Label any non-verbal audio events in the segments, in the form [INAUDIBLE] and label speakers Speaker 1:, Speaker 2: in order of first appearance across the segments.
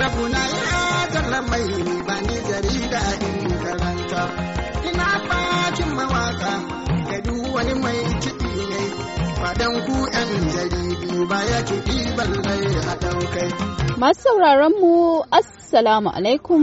Speaker 1: rabuna ya mai ba ni jarida in karanta ina bakin mawaka ga duk wani mai kiɗi ne fadan ku yan jaridu ba ya kiɗi ballai a kai.
Speaker 2: Masu sauraron mu Assalamu alaikum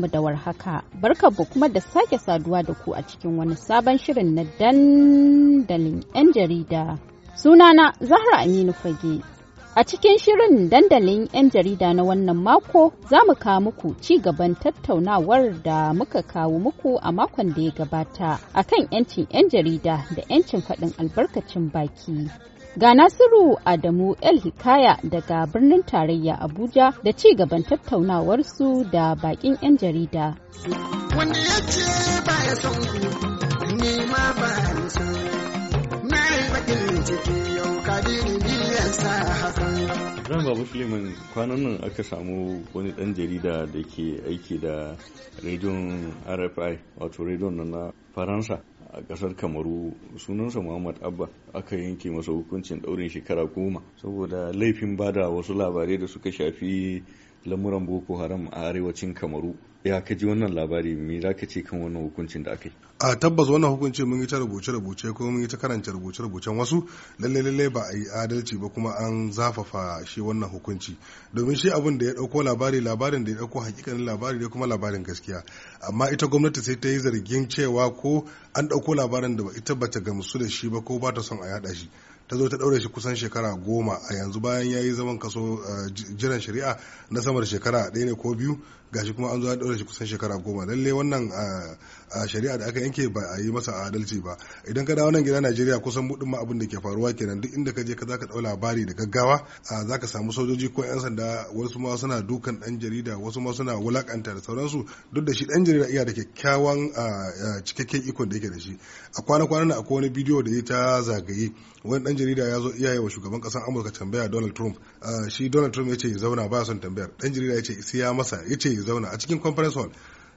Speaker 2: mu da warhaka barkanmu kuma da sake saduwa da ku a cikin wani sabon shirin na dandalin 'yan jarida sunana Zahra Aminu Fage A cikin shirin dandalin 'yan jarida na wannan mako za mu kawo muku ci gaban tattaunawar da muka kawo muku a makon da ya gabata a kan 'yancin 'yan jarida da 'yancin faɗin albarkacin baki. Ga Nasiru Adamu El Hikaya daga birnin tarayya Abuja da ci gaban tattaunawarsu da bakin 'yan jarida. Wani
Speaker 3: ran babu suleiman kwanan nan aka samu wani dan jarida da ke aiki da rediyon rfi wato rediyon na faransa a kasar kamaru sunansa muhammad abba aka yanke masa hukuncin daurin shekara goma saboda laifin bada wasu labarai da suka shafi lamuran boko haram a arewacin kamaru ya ka ji wannan labari me za ka ce kan wannan hukuncin da aka yi
Speaker 4: a tabbas wannan hukunci mun yi ta rubuce rubuce ko mun yi ta karanta rubuce rubucen wasu lalle lalle ba a yi adalci ba kuma an zafafa shi wannan hukunci domin shi abin da ya dauko labari labarin da ya dauko hakikanin labari da kuma labarin gaskiya amma ita gwamnati sai ta yi zargin cewa ko an dauko labarin da ita bata gamsu da shi ba ko ba ta son a yada shi ta zo ta daure shi kusan shekara goma a yanzu bayan ya yi zaman kaso eh, jiran shari'a na sama shekara ɗaya ne ko biyu gashi kuma an zo an daure shi kusan shekara goma lalle wannan a shari'a da aka yanke ba a yi masa adalci ba idan ka dawo nan gida Najeriya kusan buɗin ma abin da ke faruwa kenan duk inda ka je ka zaka dau labari da gaggawa zaka samu sojoji ko yan sanda wasu ma suna dukan dan jarida wasu ma suna wulakanta da sauransu duk da shi dan jarida iya da kyakkyawan cikakken ikon da yake da shi a kwana kwanan nan akwai wani bidiyo da ya ta zagaye wani dan jarida ya zo yi wa shugaban kasar Amurka tambaya Donald Trump shi Donald Trump ya ce ya zauna ba son tambayar dan jarida ya ce sai ya masa ya ce zauna a cikin conference hall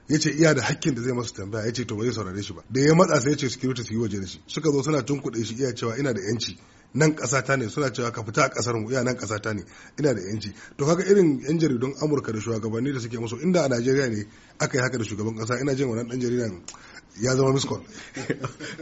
Speaker 4: ya ce iya da hakkin da zai masu tambaya ya ce to ba zai saurare shi ba da ya matsa sai ya ce security su yi waje da shi suka zo suna tunkuɗe shi iya cewa ina da yanci nan ƙasa ta ne suna cewa ka fita a ƙasar mu iya nan ƙasa ta ne ina da yanci to kaga irin yan jaridun Amurka da shugabanni da suke musu inda a Najeriya ne aka yi haka da shugaban ƙasa ina jin wannan ɗan jaridan ya zama miskol [LAUGHS]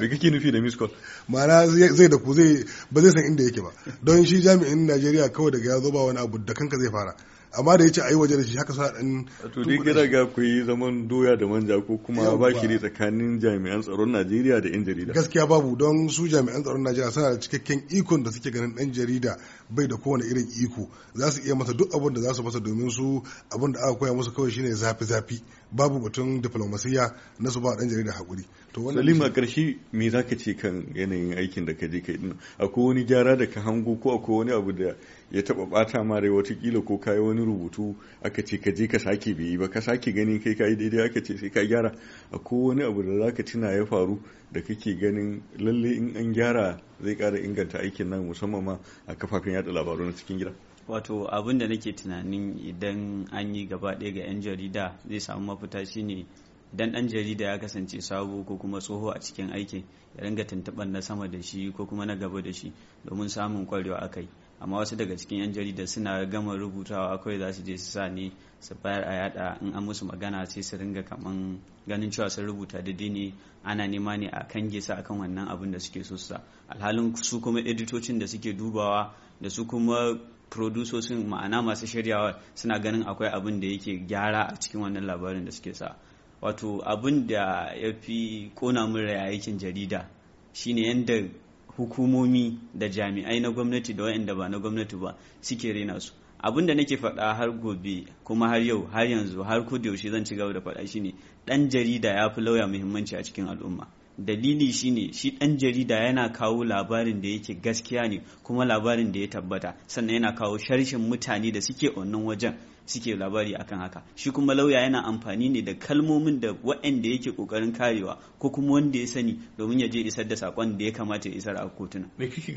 Speaker 4: me kake nufi da miskol ma'ana zai da ku zai ba zai san inda yake ba don shi jami'in Najeriya kawai daga ya zo ba wani abu da kanka zai fara amma da ya ce a yi waje da shi haka sa dan
Speaker 3: to dai gida ga ku yi zaman doya da manja ko kuma ba shi ne tsakanin jami'an tsaron Najeriya da 'yan jarida
Speaker 4: gaskiya babu don su jami'an tsaron Najeriya suna da cikakken ikon da suke ganin ɗan jarida bai da kowane irin iko za su iya masa duk abin da za su masa domin su abin da aka koya musu kawai shine zafi zafi babu batun diplomasiya na su ba dan jarida hakuri to wannan Salima
Speaker 3: karshe me zaka ce kan yanayin aikin da ka je kai din akwai wani gyara da ka hango ko akwai wani abu da ya taba bata ma rai watakila ko yi wani rubutu aka ce ka je ka sake bai yi ba ka sake ganin kai kayi daidai aka ce sai ka gyara akwai wani abu da zaka tuna ya faru da kake ganin lallai in an gyara zai kara inganta aikin nan musamman ma a kafafen yada labaru na cikin gida
Speaker 1: wato abin da nake tunanin idan an yi gaba ɗaya ga 'yan jarida zai samu mafita shine dan ɗan jarida ya kasance sabo ko kuma tsoho a cikin aikin ya ringa tuntuɓar na sama da shi ko kuma na gaba da shi domin samun kwarewa kai. amma wasu daga cikin yan jarida suna gama rubutawa kawai za su je su sa ni su bayar a yada in an musu magana sai su ringa kaman ganin cewa sun rubuta daidai ne ana nema ne a kan gesa akan wannan abin da suke so su sa alhalin su kuma editocin da suke dubawa da su kuma produsosin ma'ana masu shiryawa suna ganin akwai abin da yake gyara a cikin wannan labarin da suke sa wato abin da ya fi kona min rayayyakin jarida shine yadda hukumomi da jami'ai na gwamnati da wa'anda ba na gwamnati ba suke rena su abin da nake faɗa har gobe kuma har yau har yanzu har ko da yaushe zan ci gaba da faɗa shine ɗan jarida ya fi lauya muhimmanci a cikin al'umma dalili shine shi ɗan jarida yana kawo labarin da yake gaskiya ne kuma labarin da ya tabbata sannan yana kawo sharshin mutane da suke wannan wajen suke labari akan haka shi kuma lauya yana amfani ne da kalmomin da waɗanda yake kokarin karewa ko kuma wanda ya sani domin ya je isar da sakon da ya kamata ya isar a kotuna
Speaker 3: me kike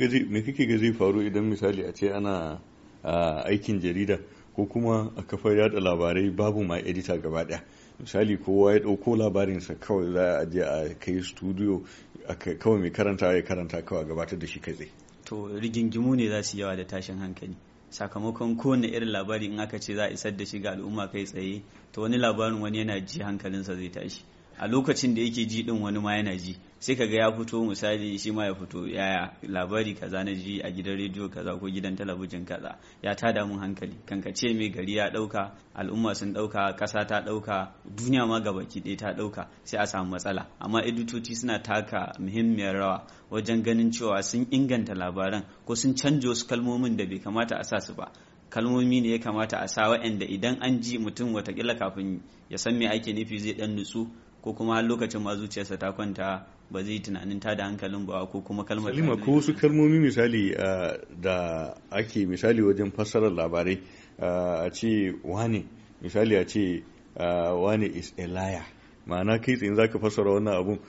Speaker 3: ga zai faru idan misali a ce ana aikin jarida ko kuma a kafar yada labarai babu ma edita gaba daya misali kowa ya ɗauko labarinsa kawai za a je a kai studio kawai mai karanta ya karanta kawai gabatar da shi kai tsaye
Speaker 1: to rigingimu ne za su yawa da tashin hankali sakamakon kowane irin labari in aka ce za a isar da shi ga al'umma kai tsaye to wani labarin wani yana ji hankalinsa zai tashi a lokacin da yake ji din wani ma yana ji sai kaga ya fito misali shi ma ya fito yaya labari kaza na ji a gidan rediyo kaza ko gidan talabijin kaza ya tada mun hankali kanka ce mai gari ya dauka al'umma sun dauka kasa ta dauka duniya ma gaba ɗaya ta dauka sai a samu matsala amma editoci suna taka muhimmiyar rawa wajen ganin cewa sun inganta labaran ko sun canjo wasu kalmomin da bai kamata a sa su ba kalmomi ne ya kamata a sa wa'anda idan an ji mutum watakila kafin ya san me ake nufi zai dan nutsu ko kuma lokacin ma zuciyarsa ta kwanta ba zai tunanin ta da hankalin ba ko kuma kalmar salima ko
Speaker 3: wasu kalmomi misali da ake misali wajen fassarar labarai a ce wane misali a ce wane is a liar ma'ana kai tsayin zaka fassara wannan abun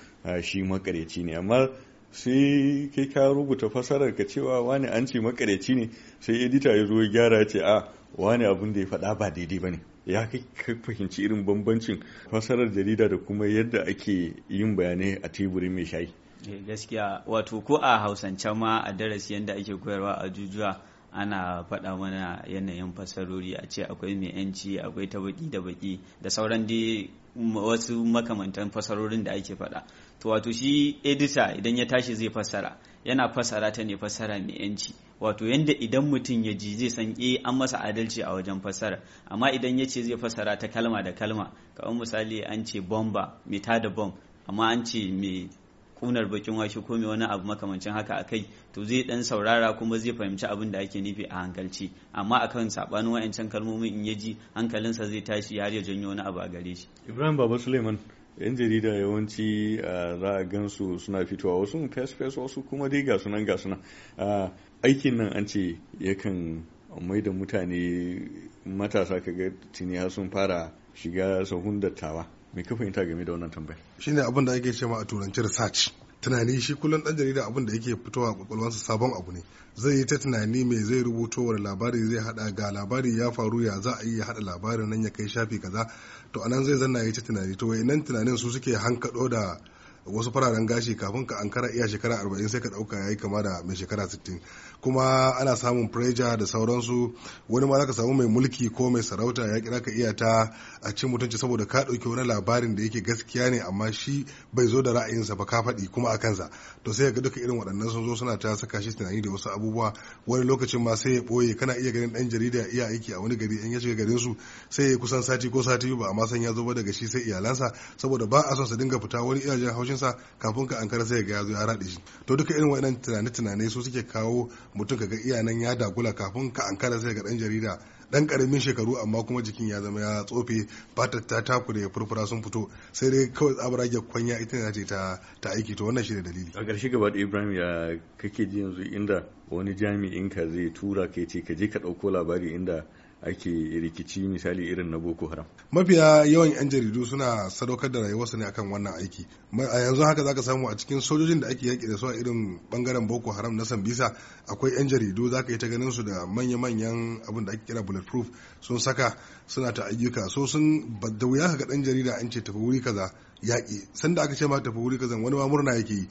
Speaker 3: shi makareci ne amma sai kai ka rubuta fasarar ka cewa wani an ce makareci ne sai edita ya zo ya gyara ce a ah, wani abun da ya faɗa ba daidai ba ne ya kai fahimci irin bambancin fasarar jarida da kuma yadda ake yin bayanai a teburi mai shayi
Speaker 1: eh, gaskiya wato ko a hausance ma a darasi yadda ake koyarwa a jujuwa ana faɗa mana yanayin fasarori a ce akwai mai yanci akwai ta baki da baki da sauran dai wasu makamantan fasarorin da ake faɗa to wato shi edita idan ya tashi zai fassara yana fasara ta ne fasara mai yanci wato yanda idan mutum ya ji zai san eh an masa adalci a wajen fasara amma idan ya ce zai fasara ta kalma da kalma kamar misali an ce bomba mai tada bom amma an ce mai kunar bakin wake ko mai wani abu makamancin haka a kai to zai dan saurara kuma zai fahimci abin da ake nufi a hankalci amma akan sabanin wayancan kalmomin in ya ji hankalinsa zai tashi har ya janyo wani abu a gare shi
Speaker 3: ibrahim baba suleiman yan jarida yawanci za a gansu suna fitowa wasu fes fes wasu kuma dai ga sunan ga sunan aikin nan an ce yakan mai da mutane matasa kaga tiniya sun fara shiga sahun dattawa me kafa fahimta game da wannan tambayar
Speaker 4: shine abin da ake cewa a turanci research tunani shi kullum dan jarida abin da yake fitowa kwakwalwansa sabon abu ne zai yi ta tunani mai zai rubuto wani labari zai hada ga labari ya faru ya za a iya hada labarin nan ya kai shafi kaza to anan zai zanna ya ta tunani to wayannan tunanin su suke hankado da wasu fararen gashi kafin ka ankara iya shekara 40 sai ka dauka yayi kama da mai shekara 60 kuma ana samun pressure da sauransu wani ma ka samu mai mulki ko mai sarauta ya kira ka iya ta a cin mutunci saboda ka dauki wani labarin da yake gaskiya ne amma shi bai zo da ra'ayinsa ba ka faɗi kuma a kansa to sai ga duka irin waɗannan sun zo suna ta saka shi tunani da wasu abubuwa wani lokacin ma sai ya boye kana iya ganin ɗan jarida iya aiki a wani gari in ya shiga garin su sai ya kusan sati ko sati ba amma san ya zo ba daga shi sai iyalansa saboda ba a son su dinga fita wani iyajen haushi sa kafin ka ankara sai ga yazo ya rade shi to duka irin waɗannan tunane-tunane su suke kawo mutum ka ga iyanan ya dagula kafin ka ankara sai ga dan jarida dan karamin shekaru amma kuma jikin ya zama ya tsofe fatar ta takure furfura sun fito sai dai kawai tsabarage kwanya ita ne ta ta aiki to wannan shi ne dalili
Speaker 3: a ƙarshe gaba da ibrahim ya kake ji yanzu inda wani jami'in ka zai tura ka ce ka je ka ɗauko labari inda ake rikici misali irin na boko haram
Speaker 4: mafiya yawan yan jaridu suna sadaukar da rayuwarsu ne akan wannan aiki a yanzu haka zaka samu a cikin sojojin da ake yaƙi da su a irin bangaren boko haram na sambisa akwai yan jaridu zaka yi ta ganin su da manya-manyan abin da ake kira bulletproof sun saka suna ta ayyuka so sun da wuya ka ga dan jarida an ce tafi wuri kaza yaƙi sanda aka ce ma tafi wuri kazan wani ma murna yake yi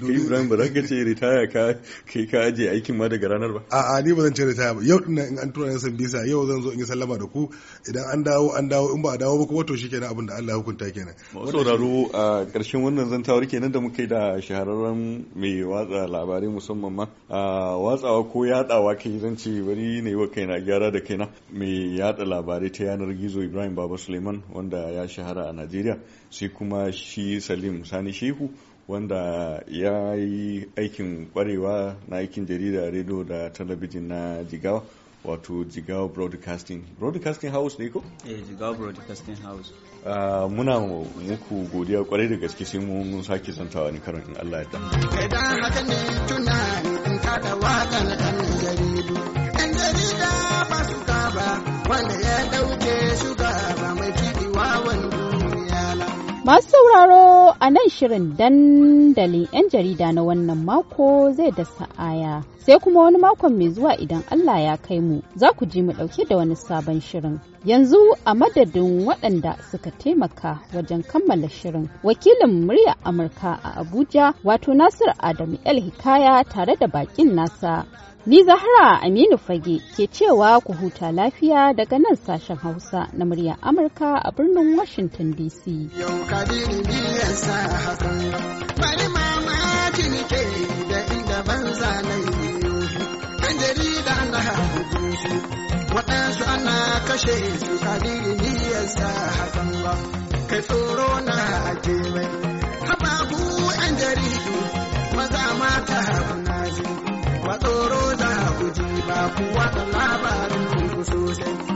Speaker 3: ke ibrahim ba za ka ce ritaya ka kai ka aje aikin ma daga ranar ba
Speaker 4: a'a ni ba zan ce ritaya ba yau din in an tura san bisa yau zan zo in yi sallama da ku idan an dawo an dawo in ba a dawo ba kuma to shikenan abin da Allah hukunta kenan sauraro
Speaker 3: a ƙarshen wannan zantawar kenan da muka yi da shahararren mai watsa labarai musamman ma watsawa ko yadawa kai zan ce bari ne wa kaina gyara da kaina mai yada labarai ta yanar gizo ibrahim baba suleiman wanda ya shahara a najeriya sai kuma kuma shi salim sani shehu wanda ya yi aikin kwarewa na aikin jarida rediyo da talabijin na jigawa wato jigawa broadcasting broadcasting house ne
Speaker 1: ko? eh jigawa broadcasting house
Speaker 3: uh, muna muku godiya kwarai da gaske sai mun sake zantawa ne karon in Allah ya da
Speaker 1: haka ne tunani in jaridu jarida wanda ya dauke
Speaker 2: su Masu sauraro a nan shirin dandalin 'yan jarida na wannan mako zai da sa'aya sai kuma wani makon mai zuwa idan Allah ya kai mu za ku ji mu ɗauke da wani sabon shirin. Yanzu a madadin waɗanda suka taimaka wajen kammala shirin wakilin murya Amurka a Abuja wato Nasir Adamu El Hikaya tare da bakin nasa. Ni Zahra Aminu Fage ke cewa ku huta lafiya daga nan sashen Hausa na murya Amurka a birnin Washington DC. Yau da inda ban
Speaker 1: waɗansu ana kashe su kadi sa hakan ba kai tsoro na ake mai hababu yan jaridu maza mata kuna ji ba tsoro za ku ji ba kuwa da labarin ku sosai